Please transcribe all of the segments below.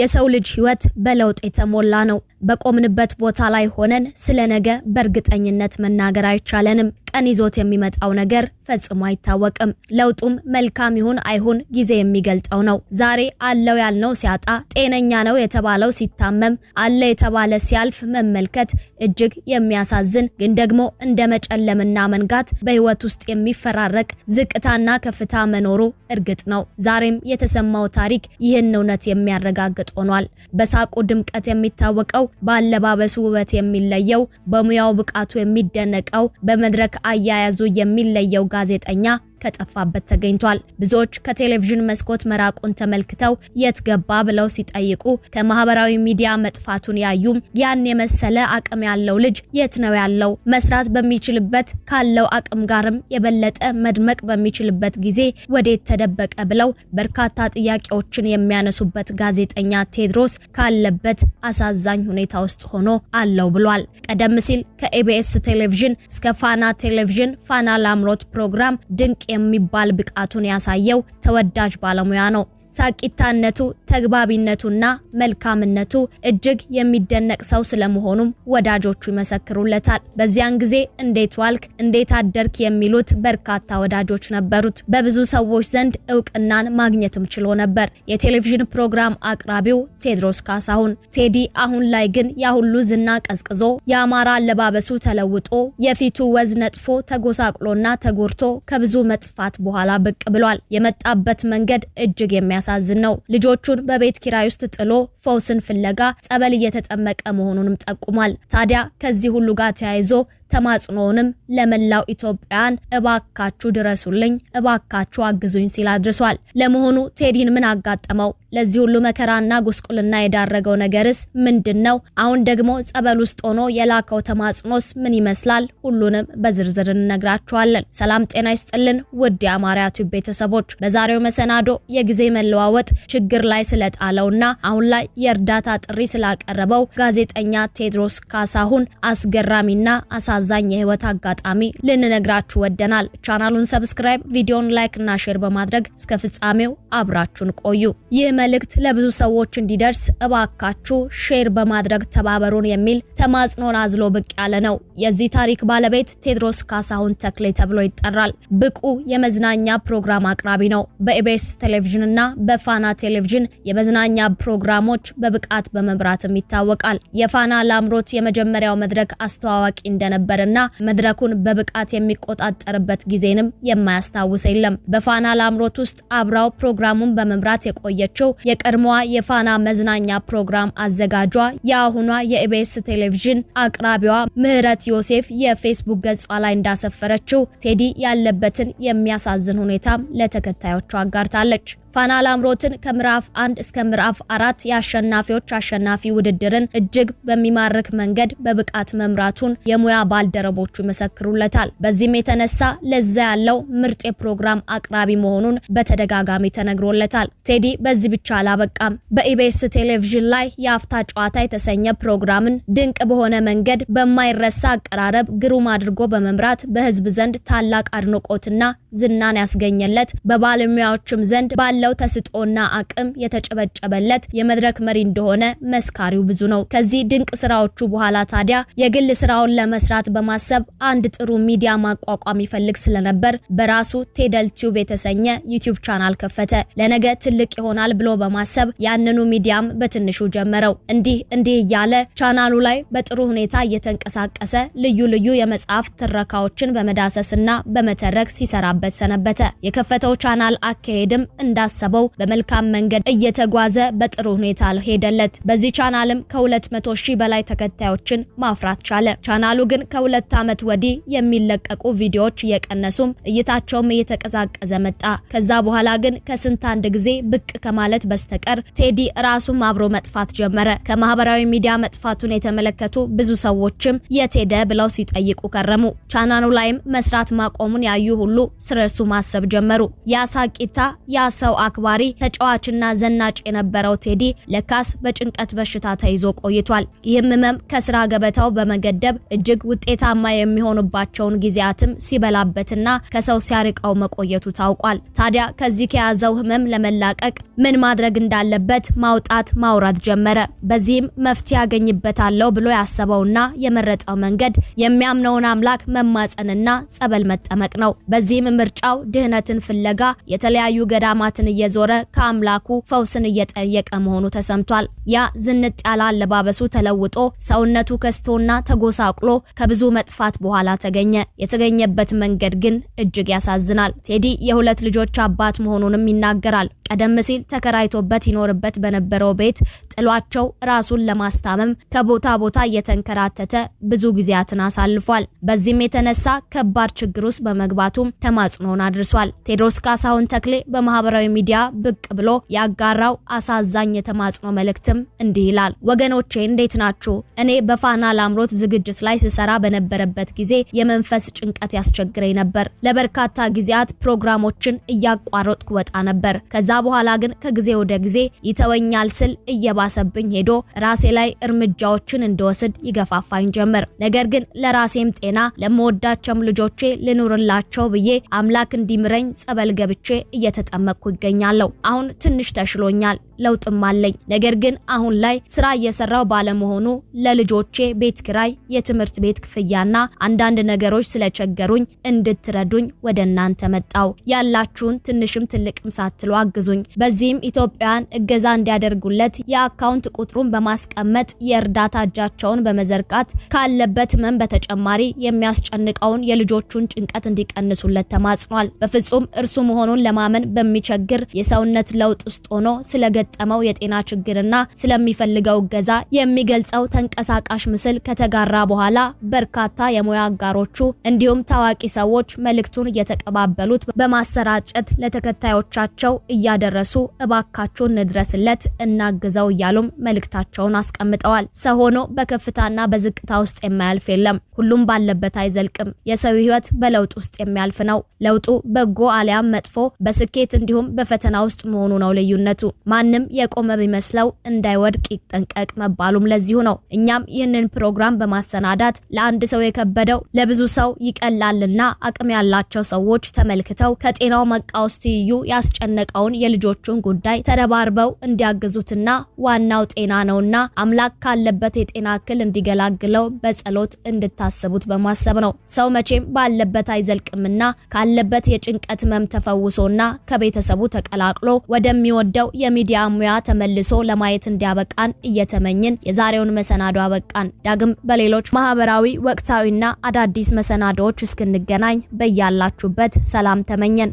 የሰው ልጅ ህይወት በለውጥ የተሞላ ነው። በቆምንበት ቦታ ላይ ሆነን ስለ ነገ በእርግጠኝነት መናገር አይቻለንም። ቀን ይዞት የሚመጣው ነገር ፈጽሞ አይታወቅም። ለውጡም መልካም ይሁን አይሁን ጊዜ የሚገልጠው ነው። ዛሬ አለው ያልነው ሲያጣ፣ ጤነኛ ነው የተባለው ሲታመም፣ አለ የተባለ ሲያልፍ መመልከት እጅግ የሚያሳዝን ግን ደግሞ እንደ መጨለምና መንጋት በህይወት ውስጥ የሚፈራረቅ ዝቅታና ከፍታ መኖሩ እርግጥ ነው። ዛሬም የተሰማው ታሪክ ይህን እውነት የሚያረጋግጥ ሆኗል። በሳቁ ድምቀት የሚታወቀው በአለባበሱ ውበት የሚለየው፣ በሙያው ብቃቱ የሚደነቀው፣ በመድረክ አያያዙ የሚለየው ጋዜጠኛ ከጠፋበት ተገኝቷል። ብዙዎች ከቴሌቪዥን መስኮት መራቁን ተመልክተው የት ገባ ብለው ሲጠይቁ ከማህበራዊ ሚዲያ መጥፋቱን ያዩም ያን የመሰለ አቅም ያለው ልጅ የት ነው ያለው? መስራት በሚችልበት ካለው አቅም ጋርም የበለጠ መድመቅ በሚችልበት ጊዜ ወዴት ተደበቀ ብለው በርካታ ጥያቄዎችን የሚያነሱበት ጋዜጠኛ ቴድሮስ ካለበት አሳዛኝ ሁኔታ ውስጥ ሆኖ አለው ብሏል። ቀደም ሲል ከኢቢኤስ ቴሌቪዥን እስከ ፋና ቴሌቪዥን ፋና ላምሮት ፕሮግራም ድንቅ የሚባል ብቃቱን ያሳየው ተወዳጅ ባለሙያ ነው። ሳቂታነቱ፣ ተግባቢነቱና መልካምነቱ እጅግ የሚደነቅ ሰው ስለመሆኑም ወዳጆቹ ይመሰክሩለታል። በዚያን ጊዜ እንዴት ዋልክ፣ እንዴት አደርክ የሚሉት በርካታ ወዳጆች ነበሩት። በብዙ ሰዎች ዘንድ እውቅናን ማግኘትም ችሎ ነበር። የቴሌቪዥን ፕሮግራም አቅራቢው ቴድሮስ ካሳሁን ቴዲ። አሁን ላይ ግን ያሁሉ ዝና ቀዝቅዞ የአማራ አለባበሱ ተለውጦ የፊቱ ወዝ ነጥፎ ተጎሳቅሎና ተጎርቶ ከብዙ መጥፋት በኋላ ብቅ ብሏል። የመጣበት መንገድ እጅግ የሚያ የሚያሳዝን ነው። ልጆቹን በቤት ኪራይ ውስጥ ጥሎ ፈውስን ፍለጋ ጸበል እየተጠመቀ መሆኑንም ጠቁሟል። ታዲያ ከዚህ ሁሉ ጋር ተያይዞ ተማጽኖውንም ለመላው ኢትዮጵያን እባካችሁ ድረሱልኝ፣ እባካችሁ አግዙኝ ሲል አድርሷል። ለመሆኑ ቴዲን ምን አጋጠመው? ለዚህ ሁሉ መከራና ጉስቁልና የዳረገው ነገርስ ምንድን ነው? አሁን ደግሞ ጸበል ውስጥ ሆኖ የላከው ተማጽኖስ ምን ይመስላል? ሁሉንም በዝርዝር እንነግራችኋለን። ሰላም ጤና ይስጥልን ውድ የአማርያ ቲዩብ ቤተሰቦች፣ በዛሬው መሰናዶ የጊዜ መለዋወጥ ችግር ላይ ስለጣለውና አሁን ላይ የእርዳታ ጥሪ ስላቀረበው ጋዜጠኛ ቴዎድሮስ ካሳሁን አስገራሚና አሳ አሳዛኝ የህይወት አጋጣሚ ልንነግራችሁ ወደናል። ቻናሉን ሰብስክራይብ፣ ቪዲዮን ላይክ እና ሼር በማድረግ እስከ ፍጻሜው አብራችሁን ቆዩ። ይህ መልእክት ለብዙ ሰዎች እንዲደርስ እባካችሁ ሼር በማድረግ ተባበሩን የሚል ተማጽኖን አዝሎ ብቅ ያለ ነው። የዚህ ታሪክ ባለቤት ቴድሮስ ካሳሁን ተክሌ ተብሎ ይጠራል። ብቁ የመዝናኛ ፕሮግራም አቅራቢ ነው። በኢቤስ ቴሌቪዥን እና በፋና ቴሌቪዥን የመዝናኛ ፕሮግራሞች በብቃት በመምራትም ይታወቃል። የፋና ላምሮት የመጀመሪያው መድረክ አስተዋዋቂ እንደነበር ነበርና መድረኩን በብቃት የሚቆጣጠርበት ጊዜንም የማያስታውስ የለም። በፋና ላምሮት ውስጥ አብራው ፕሮግራሙን በመምራት የቆየችው የቀድሞዋ የፋና መዝናኛ ፕሮግራም አዘጋጇ የአሁኗ የኢቢኤስ ቴሌቪዥን አቅራቢዋ ምህረት ዮሴፍ የፌስቡክ ገጿ ላይ እንዳሰፈረችው ቴዲ ያለበትን የሚያሳዝን ሁኔታም ለተከታዮቿ አጋርታለች። ፋና ላምሮትን ከምዕራፍ አንድ እስከ ምዕራፍ አራት የአሸናፊዎች አሸናፊ ውድድርን እጅግ በሚማርክ መንገድ በብቃት መምራቱን የሙያ ባልደረቦቹ ይመሰክሩለታል። በዚህም የተነሳ ለዛ ያለው ምርጥ የፕሮግራም አቅራቢ መሆኑን በተደጋጋሚ ተነግሮለታል። ቴዲ በዚህ ብቻ አላበቃም። በኢቤስ ቴሌቪዥን ላይ የአፍታ ጨዋታ የተሰኘ ፕሮግራምን ድንቅ በሆነ መንገድ በማይረሳ አቀራረብ ግሩም አድርጎ በመምራት በህዝብ ዘንድ ታላቅ አድናቆትና ዝናን ያስገኘለት በባለሙያዎችም ዘንድ ባለ ባለው ተስጦና አቅም የተጨበጨበለት የመድረክ መሪ እንደሆነ መስካሪው ብዙ ነው። ከዚህ ድንቅ ስራዎቹ በኋላ ታዲያ የግል ስራውን ለመስራት በማሰብ አንድ ጥሩ ሚዲያ ማቋቋም ይፈልግ ስለነበር በራሱ ቴደል ቲዩብ የተሰኘ ዩቲዩብ ቻናል ከፈተ። ለነገ ትልቅ ይሆናል ብሎ በማሰብ ያንኑ ሚዲያም በትንሹ ጀመረው። እንዲህ እንዲህ እያለ ቻናሉ ላይ በጥሩ ሁኔታ እየተንቀሳቀሰ ልዩ ልዩ የመጽሐፍት ትረካዎችን በመዳሰስና በመተረክ ሲሰራበት ሰነበተ። የከፈተው ቻናል አካሄድም እንዳ እንዳሰበው በመልካም መንገድ እየተጓዘ በጥሩ ሁኔታ ሄደለት። በዚህ ቻናልም ከ200 ሺህ በላይ ተከታዮችን ማፍራት ቻለ። ቻናሉ ግን ከሁለት ዓመት ወዲህ የሚለቀቁ ቪዲዮዎች እየቀነሱም እይታቸውም እየተቀዛቀዘ መጣ። ከዛ በኋላ ግን ከስንት አንድ ጊዜ ብቅ ከማለት በስተቀር ቴዲ ራሱም አብሮ መጥፋት ጀመረ። ከማህበራዊ ሚዲያ መጥፋቱን የተመለከቱ ብዙ ሰዎችም የት ሄደ ብለው ሲጠይቁ ከረሙ። ቻናሉ ላይም መስራት ማቆሙን ያዩ ሁሉ ስለርሱ ማሰብ ጀመሩ። ያ ሳቂታ ያ ሰው አክባሪ ተጫዋችና ዘናጭ የነበረው ቴዲ ለካስ በጭንቀት በሽታ ተይዞ ቆይቷል። ይህም ህመም ከስራ ገበታው በመገደብ እጅግ ውጤታማ የሚሆንባቸውን ጊዜያትም ሲበላበትና ከሰው ሲያርቀው መቆየቱ ታውቋል። ታዲያ ከዚህ ከያዘው ህመም ለመላቀቅ ምን ማድረግ እንዳለበት ማውጣት ማውራት ጀመረ። በዚህም መፍትሄ ያገኝበታለው ብሎ ያሰበውና የመረጠው መንገድ የሚያምነውን አምላክ መማጸንና ጸበል መጠመቅ ነው። በዚህም ምርጫው ድህነትን ፍለጋ የተለያዩ ገዳማትን ቤቶችን እየዞረ ከአምላኩ ፈውስን እየጠየቀ መሆኑ ተሰምቷል። ያ ዝንጥ ያለ አለባበሱ ተለውጦ ሰውነቱ ከስቶና ተጎሳቁሎ ከብዙ መጥፋት በኋላ ተገኘ። የተገኘበት መንገድ ግን እጅግ ያሳዝናል። ቴዲ የሁለት ልጆች አባት መሆኑንም ይናገራል። ቀደም ሲል ተከራይቶበት ይኖርበት በነበረው ቤት ጥሏቸው ራሱን ለማስታመም ከቦታ ቦታ እየተንከራተተ ብዙ ጊዜያትን አሳልፏል። በዚህም የተነሳ ከባድ ችግር ውስጥ በመግባቱም ተማጽኖን አድርሷል። ቴድሮስ ካሳሁን ተክሌ በማህበራዊ ሚዲያ ብቅ ብሎ ያጋራው አሳዛኝ የተማጽኖ መልእክትም እንዲህ ይላል። ወገኖቼ እንዴት ናችሁ? እኔ በፋና ላምሮት ዝግጅት ላይ ስሰራ በነበረበት ጊዜ የመንፈስ ጭንቀት ያስቸግረኝ ነበር። ለበርካታ ጊዜያት ፕሮግራሞችን እያቋረጥኩ ወጣ ነበር ከዛ በኋላ ግን ከጊዜ ወደ ጊዜ ይተወኛል ስል እየባሰብኝ ሄዶ ራሴ ላይ እርምጃዎችን እንድወስድ ይገፋፋኝ ጀመር። ነገር ግን ለራሴም ጤና ለመወዳቸውም ልጆቼ ልኑርላቸው ብዬ አምላክ እንዲምረኝ ጸበል ገብቼ እየተጠመቅኩ ይገኛለሁ። አሁን ትንሽ ተሽሎኛል፣ ለውጥም አለኝ። ነገር ግን አሁን ላይ ስራ እየሰራው ባለመሆኑ ለልጆቼ ቤት ክራይ፣ የትምህርት ቤት ክፍያና አንዳንድ ነገሮች ስለቸገሩኝ እንድትረዱኝ ወደ እናንተ መጣው። ያላችሁን ትንሽም ትልቅም ሳትሉ አግዙ አገዙኝ። በዚህም ኢትዮጵያን እገዛ እንዲያደርጉለት የአካውንት ቁጥሩን በማስቀመጥ የእርዳታ እጃቸውን በመዘርጋት ካለበት ህመም በተጨማሪ የሚያስጨንቀውን የልጆቹን ጭንቀት እንዲቀንሱለት ተማጽኗል። በፍጹም እርሱ መሆኑን ለማመን በሚቸግር የሰውነት ለውጥ ውስጥ ሆኖ ስለገጠመው የጤና ችግርና ስለሚፈልገው እገዛ የሚገልጸው ተንቀሳቃሽ ምስል ከተጋራ በኋላ በርካታ የሙያ አጋሮቹ እንዲሁም ታዋቂ ሰዎች መልእክቱን እየተቀባበሉት በማሰራጨት ለተከታዮቻቸው እያ ስላደረሱ እባካችሁን እንድረስለት እናግዘው እያሉም መልእክታቸውን አስቀምጠዋል። ሰው ሆኖ በከፍታና በዝቅታ ውስጥ የማያልፍ የለም። ሁሉም ባለበት አይዘልቅም። የሰው ህይወት በለውጥ ውስጥ የሚያልፍ ነው። ለውጡ በጎ አሊያም መጥፎ፣ በስኬት እንዲሁም በፈተና ውስጥ መሆኑ ነው ልዩነቱ። ማንም የቆመ ቢመስለው እንዳይወድቅ ይጠንቀቅ መባሉም ለዚሁ ነው። እኛም ይህንን ፕሮግራም በማሰናዳት ለአንድ ሰው የከበደው ለብዙ ሰው ይቀላልና አቅም ያላቸው ሰዎች ተመልክተው ከጤናው መቃወስ ትይዩ ያስጨነቀውን የልጆቹን ጉዳይ ተረባርበው እንዲያግዙትና ዋናው ጤና ነውና አምላክ ካለበት የጤና እክል እንዲገላግለው በጸሎት እንድታስቡት በማሰብ ነው። ሰው መቼም ባለበት አይዘልቅምና ካለበት የጭንቀት ህመም ተፈውሶና ከቤተሰቡ ተቀላቅሎ ወደሚወደው የሚዲያ ሙያ ተመልሶ ለማየት እንዲያበቃን እየተመኝን የዛሬውን መሰናዶ አበቃን። ዳግም በሌሎች ማህበራዊ ወቅታዊና አዳዲስ መሰናዶዎች እስክንገናኝ በያላችሁበት ሰላም ተመኘን።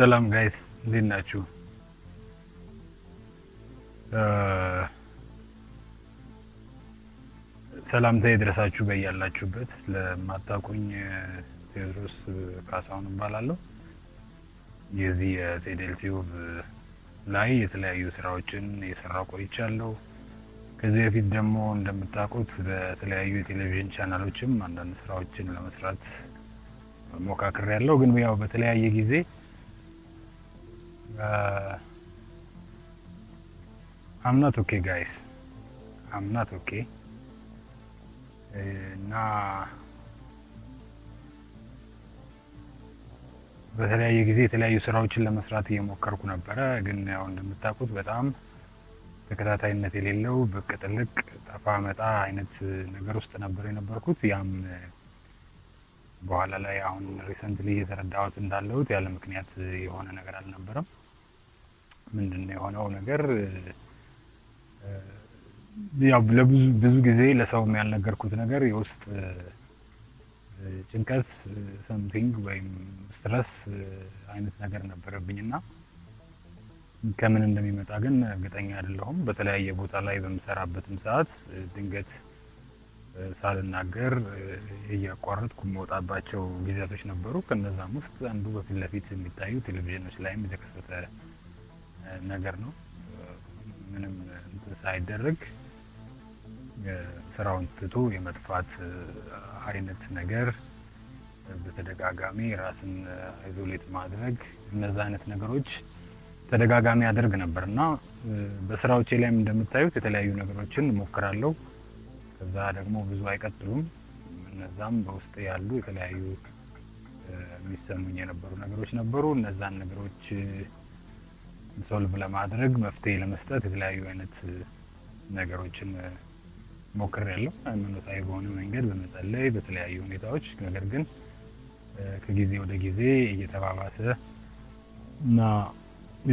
ሰላም ጋይስ እንዴት ናችሁ? ሰላምታ የደረሳችሁ በያላችሁበት። ለማታውቁኝ ቴዎድሮስ ካሳሁን እባላለሁ። የዚህ የቴዴል ቲዩብ ላይ የተለያዩ ስራዎችን የሰራው ቆይቻለሁ። ከዚህ በፊት ደግሞ እንደምታውቁት በተለያዩ የቴሌቪዥን ቻናሎችም አንዳንድ ስራዎችን ለመስራት ሞካክሬ ያለው ግን ያው በተለያየ ጊዜ አም ናት ኦኬ ጋይስ አም ናት ኦኬ እና በተለያየ ጊዜ የተለያዩ ስራዎችን ለመስራት እየሞከርኩ ነበረ። ግን ያው እንደምታውቁት በጣም ተከታታይነት የሌለው ብቅ ጥልቅ ጠፋ መጣ አይነት ነገር ውስጥ ነበር የነበርኩት። ያም በኋላ ላይ አሁን ሪሰንትሊ እየተረዳሁት እንዳለሁት ያለ ምክንያት የሆነ ነገር አልነበረም። ምንድን ነው የሆነው ነገር ያው ለብዙ ብዙ ጊዜ ለሰውም ያልነገርኩት ነገር የውስጥ ጭንቀት ሰምቲንግ ወይም ስትረስ አይነት ነገር ነበረብኝና ከምን እንደሚመጣ ግን እርግጠኛ አይደለሁም። በተለያየ ቦታ ላይ በምሰራበትም ሰዓት ድንገት ሳልናገር እያቋረጥኩ የምወጣባቸው ጊዜያቶች ነበሩ። ከነዛም ውስጥ አንዱ በፊት ለፊት የሚታዩ ቴሌቪዥኖች ላይም የተከሰተ ነገር ነው። ምንም ሳይደረግ ስራውን ትቶ የመጥፋት አይነት ነገር በተደጋጋሚ ራስን አይዞሌት ማድረግ እነዛ አይነት ነገሮች ተደጋጋሚ ያደርግ ነበር እና በስራዎቼ ላይም እንደምታዩት የተለያዩ ነገሮችን እሞክራለሁ። እዛ ደግሞ ብዙ አይቀጥሉም። እነዛም በውስጥ ያሉ የተለያዩ የሚሰሙኝ የነበሩ ነገሮች ነበሩ። እነዛን ነገሮች ሶልቭ ለማድረግ መፍትሄ ለመስጠት የተለያዩ አይነት ነገሮችን ሞክሬያለሁ። ሃይማኖታዊ በሆነ መንገድ በመጸለይ በተለያዩ ሁኔታዎች ነገር ግን ከጊዜ ወደ ጊዜ እየተባባሰ እና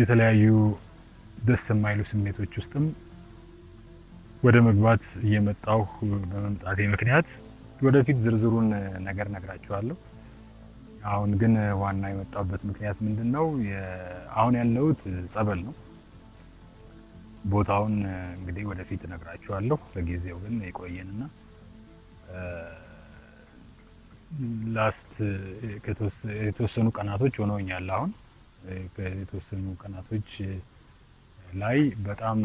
የተለያዩ ደስ የማይሉ ስሜቶች ውስጥም ወደ መግባት እየመጣሁ በመምጣቴ ምክንያት ወደፊት ዝርዝሩን ነገር ነግራችኋለሁ። አሁን ግን ዋና የመጣሁበት ምክንያት ምንድን ነው? አሁን ያለሁት ጸበል ነው። ቦታውን እንግዲህ ወደፊት እነግራችኋለሁ። ለጊዜው ግን የቆየንና ላስት የተወሰኑ ቀናቶች ሆነውኛል። አሁን የተወሰኑ ቀናቶች ላይ በጣም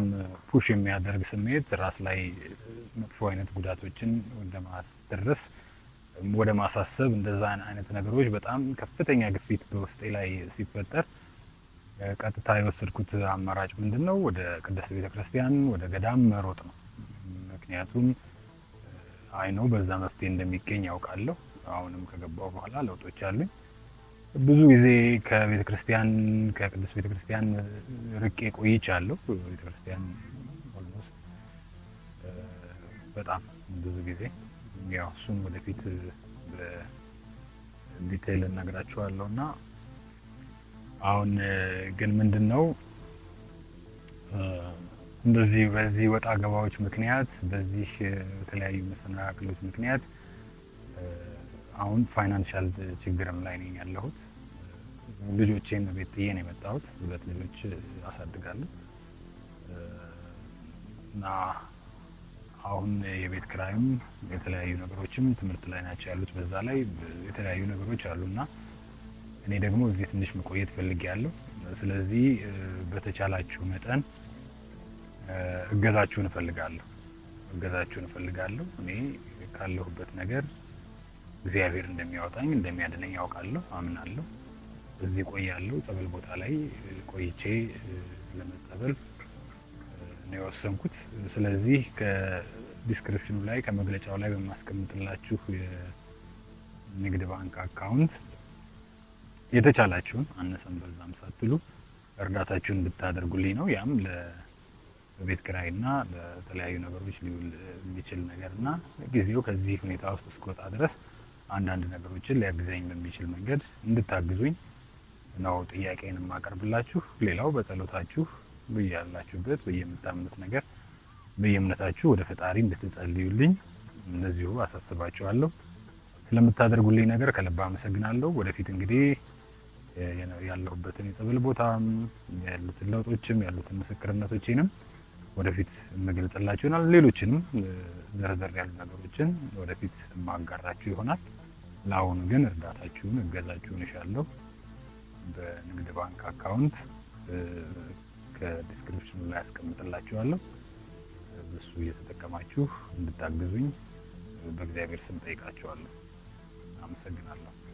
ፑሽ የሚያደርግ ስሜት ራስ ላይ መጥፎ አይነት ጉዳቶችን ወደ ማስደረስ ወደ ማሳሰብ እንደዛ አይነት ነገሮች በጣም ከፍተኛ ግፊት በውስጤ ላይ ሲፈጠር ቀጥታ የወሰድኩት አማራጭ ምንድን ነው? ወደ ቅድስት ቤተ ክርስቲያን ወደ ገዳም መሮጥ ነው። ምክንያቱም አይኖ በዛ መፍትሄ እንደሚገኝ ያውቃለሁ። አሁንም ከገባው በኋላ ለውጦች አሉኝ። ብዙ ጊዜ ከቤተ ክርስቲያን ከቅዱስ ቤተ ክርስቲያን ርቄ ቆይቻለሁ። ቤተ ክርስቲያን ኦልሞስት በጣም ብዙ ጊዜ ያው እሱም ወደፊት በዲቴይል እነግራችኋለሁ እና አሁን ግን ምንድን ነው እንደዚህ በዚህ ወጣ ገባዎች ምክንያት በዚህ የተለያዩ መሰናክሎች ምክንያት አሁን ፋይናንሻል ችግርም ላይ ነኝ ያለሁት ልጆቼን ቤት ጥዬ ነው የመጣሁት። ሁለት ልጆች አሳድጋለሁ እና አሁን የቤት ክራይም የተለያዩ ነገሮችም ትምህርት ላይ ናቸው ያሉት። በዛ ላይ የተለያዩ ነገሮች አሉ እና እኔ ደግሞ እዚህ ትንሽ መቆየት ፈልጌያለሁ። ስለዚህ በተቻላችሁ መጠን እገዛችሁን እፈልጋለሁ እገዛችሁን እፈልጋለሁ። እኔ ካለሁበት ነገር እግዚአብሔር እንደሚያወጣኝ እንደሚያድነኝ ያውቃለሁ፣ አምናለሁ። እዚህ ቆያለሁ። ጸበል ቦታ ላይ ቆይቼ ለመጸበል ነው የወሰንኩት። ስለዚህ ከዲስክሪፕሽኑ ላይ ከመግለጫው ላይ በማስቀምጥላችሁ የንግድ ባንክ አካውንት የተቻላችሁን አነሰን በዛም ሳትሉ እርዳታችሁን ብታደርጉልኝ ነው። ያም ለቤት ኪራይና ለተለያዩ ነገሮች ሊውል የሚችል ነገርና ጊዜው ከዚህ ሁኔታ ውስጥ እስከወጣ ድረስ አንዳንድ ነገሮችን ሊያግዘኝ በሚችል መንገድ እንድታግዙኝ ነው ጥያቄን የማቀርብላችሁ። ሌላው በጸሎታችሁ በያላችሁበት በየምታምኑት ነገር በየእምነታችሁ ወደ ፈጣሪ እንድትጸልዩልኝ እነዚሁ አሳስባችኋለሁ። ስለምታደርጉልኝ ነገር ከልብ አመሰግናለሁ። ወደፊት እንግዲህ ያለሁበትን የጸበል ቦታም ያሉትን ለውጦችም ያሉትን ምስክርነቶችንም ወደፊት የምገልጽላችሁ ይሆናል። ሌሎችንም ዘርዘር ያሉ ነገሮችን ወደፊት የማጋራችሁ ይሆናል። ለአሁኑ ግን እርዳታችሁን እገዛችሁን እሻለሁ። በንግድ ባንክ አካውንት ከዲስክሪፕሽኑ ላይ ያስቀምጥላችኋለሁ። እሱ እየተጠቀማችሁ እንድታግዙኝ በእግዚአብሔር ስም ጠይቃችኋለሁ። አመሰግናለሁ።